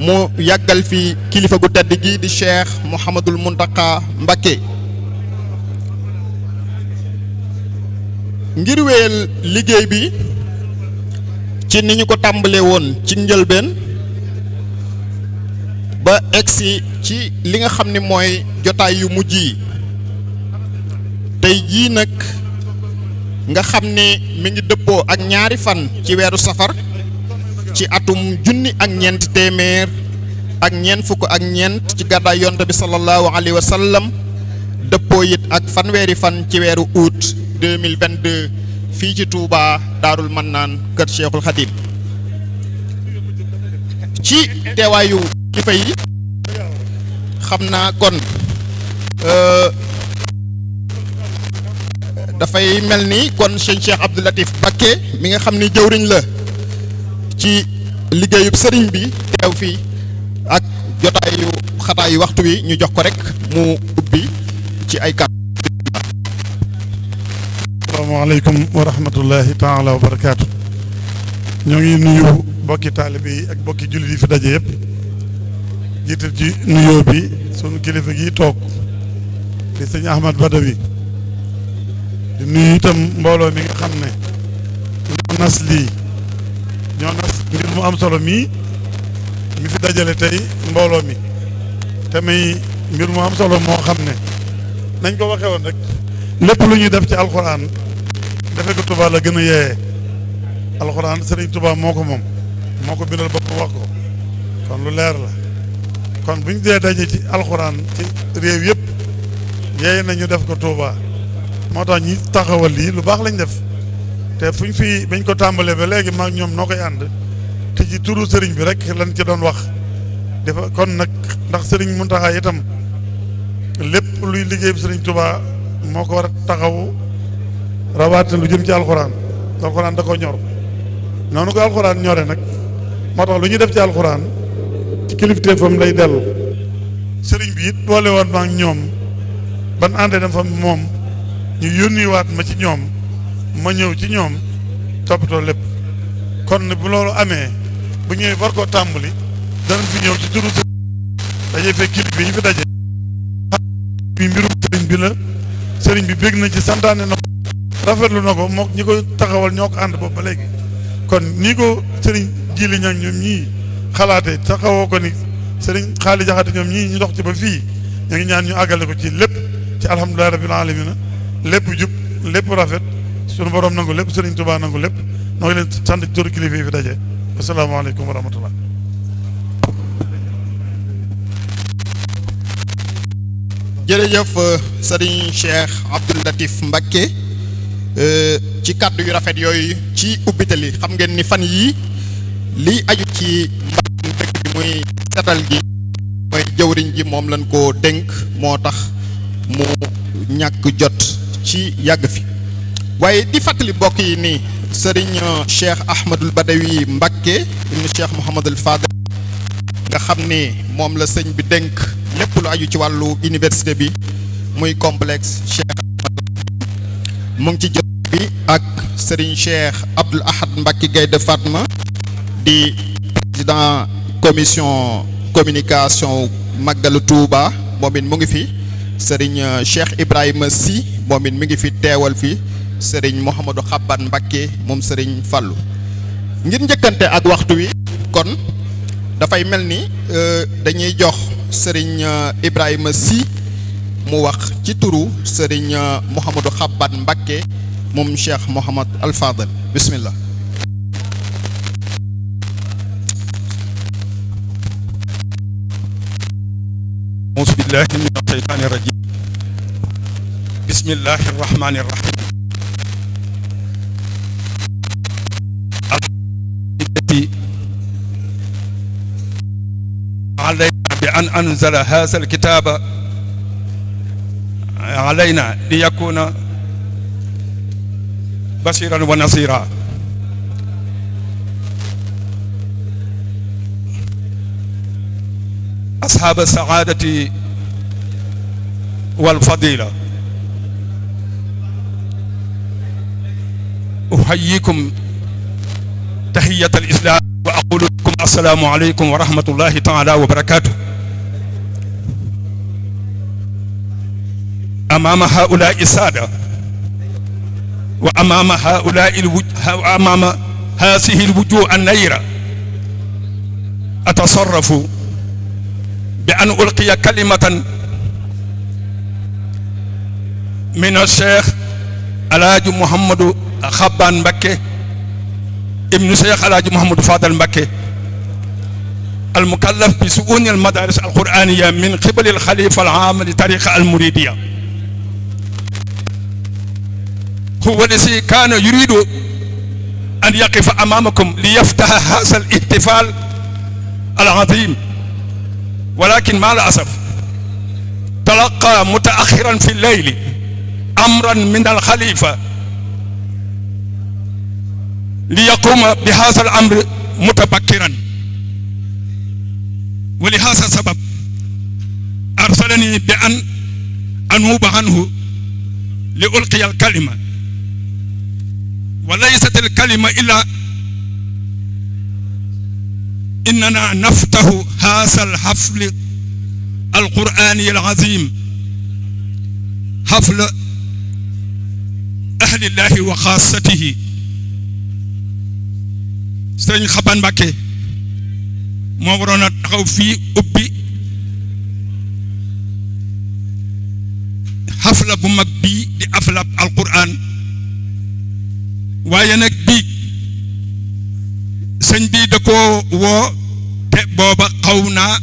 mu yàggal fi kilifa gu tedd gi di cheikh Mouhamadul Mountakha Mbacké ngir wéyal liggéey bi ci ni ñu ko tàmbalee woon ci njëlbeen ba egsi ci li nga xam ni mooy jotaay yu mujj yi tey jii nag nga xam ni mi ngi dëppoo ak ñaari fan ci weeru safar ci atum junni ak ñeenti téeméer ak ñeent fukk ak ñeent ci gàddaay yonte bi sallallahu alayhi wa sallam dëppoo it ak fanweeri fan ci weeru août 2022 fii ci Touba Daarul Mannaan kër Cheikhul Khadim ci teewaayu kilifa xam naa kon euh, dafay mel ni kon sëñ Cheikh Abdou Latif mi nga xam ni jëwriñ la ci liggéeyub sëriñ bi teew fii jotaayu xataayu waxtu wi ñu jox ko rek mu ubbi ci ay kàddu. asalaamaaleykum wa rahmatullahi taala wa barakaatu. ñoo ngi nuyu bokki taalibe ak bokki jullit yi fi daje yëpp jiital ci nuyoo bi sunu kilifa gi toog di sëñ Ahmad Badawi di nuyu itam mbooloo mi nga xam ne ñoo nas lii ñoo nas ngir mu am solo mii. mi fi dajale tey mbooloo mi te muy mbir mu am solo moo xam ne nañ ko waxee woon rek lépp lu ñuy def ci alxuraan defe ko Touba la gën a yeeyee alxuraan Serigne Touba moo ko moom moo ko bindal bopp wax ko kon lu leer la kon bu ñu dee daje ci alxuraan ci réew yëpp yeeye nañu def ko Touba moo tax ñi taxawal lii lu baax lañ def te fuñ fi bañ ko tàmbalee ba léegi maag ñoom noo koy ànd. ci turu sëriñ bi rek lañ ci doon wax dafa kon nag ndax sëriñ Muntaxa itam lépp luy liggéey bi sëriñ Tuubaa moo ko war taxaw rawaate lu jëm ci alxuraan alxuraan da ko ñor noonu ko alxuraan ñore nag moo tax lu ñuy def ci alxuraan ci kilifteefam lay dellu sëriñ bi it boole woon ma ak ñoom moom ñu ci ñoom ma ñëw ci ñoom toppatoo lépp kon bu loolu amee bu ñëwee war ko tàmbali danañ fi ñëw ci turu dañuy fekk kilifa yi fi daje bi mbirum sëriñ bi la sëriñ bi bég na ci santaane na ko rafetlu na ko mook ñi koy taxawal ñoo ko ànd boobu ba léegi kon nii ko sëriñ jili ñag ñoom ñii xalaate taxawoo ko ni sëriñ xaali jaxate ñoom ñii ñu dox ci ba fii ñu ngi ñaan ñu àggale ko ci lépp ci alhamdulilahi rabbil alamina lépp jub lépp rafet sunu borom nangu lépp sëriñ Tuubaa nangu lépp noo ngi leen sant ci kilifa yi asalaamaaleykum wa rahmatullah jërëjëf euh, Serigne Cheikh Abdou Latif Mbacké euh, ci kàddu yu rafet yooyu ci ubbitali xam ngeen ni fan yii liy aju ci mbàkkum dëkk bi muy setal gi mooy ji moom lañ ko dénk moo tax mu ñàkk jot ci yàgg fi waaye di fàttali mbokk yi nii sëriñ Cheikh Ahmadul Badawi Mbakke ibnu Cheikh Mouhamadul Fadel nga xam ni moom la sëñ bi dénk lépp lu aju ci wàllu université bi muy complex Cheikh mu ngi ci jot bi ak sëriñ Cheikh Abdoul Ahad Mbakke Gaynde Fatma di président commission communication Màggalu Touba moom mu ngi fi sëriñ Cheikh Ibrahima si moom it mu ngi fi teewal fi sëriñ Mouhamadou Xabban Mbacké moom sëriñ Fallou ngir njëkkante ak waxtu wi kon dafay mel ni euh, dañuy jox sëriñ euh, Ibrahima Sy mu wax ci turu sëriñ euh, Mouhamadou Xabban Mbacké moom Cheikh Mouhamad Al Fadel bismillah an anzala hadha alkitaba alayna liyakuna bashiran wa nasira ashaab alsaadati walfadila uhayyikum tahiyyat alislam wa aqulu lakum assalaamu aleykum wa rahmatullahi taala wa barakatuh أمام هؤلاء السادة وأمام هؤلاء الوجه وأمام هذه الوجوه النيرة أتصرف بأن ألقي كلمة من الشيخ الحاج محمد خبان مكي ابن الشيخ الحاج محمد فاضل مكي المكلف بشؤون المدارس القرآنية من قبل الخليفة العام لتاريخ المريدية هو الذي كان يريد أن يقف أمامكم ليفتح هذا الاحتفال العظيم ولكن مع الأسف تلقى متأخرا في الليل أمرا من الخليفة ليقوم بهذا الأمر متبكرا ولهذا السبب أرسلني بأن أنوب عنه لألقي الكلمة وليست الكلمة إلا إننا نفتح هذا الحفل القرآني العظيم حفل أهل الله وخاصته sëriñ Xaban Mbàkke moo waroon a taxaw fii ubbi xafla bu mag bii di aflab alquran waaye nag biig sëñ bi da koo woo te booba xaw naa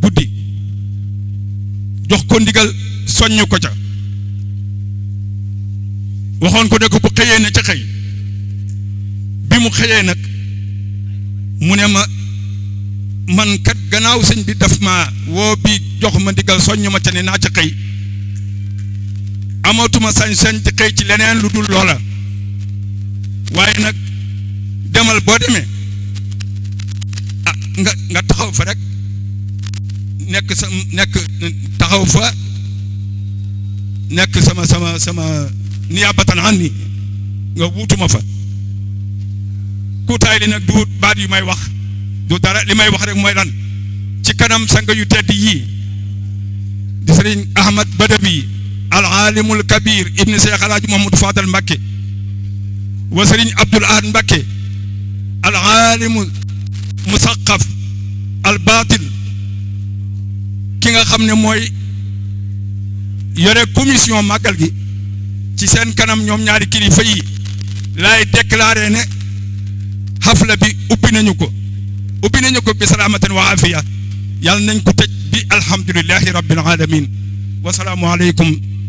guddi jox ko ndigal soññ ko ca waxoon ko ne ko bu xëyee na ca xëy bi mu xëyee nag mu ne ma man kat gannaaw sëñ bi daf ma woo biig jox ma ndigal soññ ma ca ne naa ca xëy amatuma sañ-sañ di xëy ci leneen lu dul loola waaye nag demal boo demee ah nga nga taxaw fa rek nekk sa nekk taxaw fa nekk sama sama sama niyaabatan an ni nga wuutuma fa kuutaay li nag du baat yu may wax du dara li may wax rek mooy lan ci kanam sang yu tedd yii di sëriñ Ahmad Badawi al alimul kabir ibni Seex Alaaji Mahamadu Fadal Mbakke wa sëriñ Abdul Ahad Mbakke al alimul musaqaf al batil ki nga xam ne mooy yore commission màggal gi ci seen kanam ñoom ñaari kilifa yi laay déclaré ne xafla bi ubbi nañu ko ubbi nañu ko bi salaamatin wa afiya yàlla nañ ko tëj bi alhamdulillahi rabbil alamin wa salaamu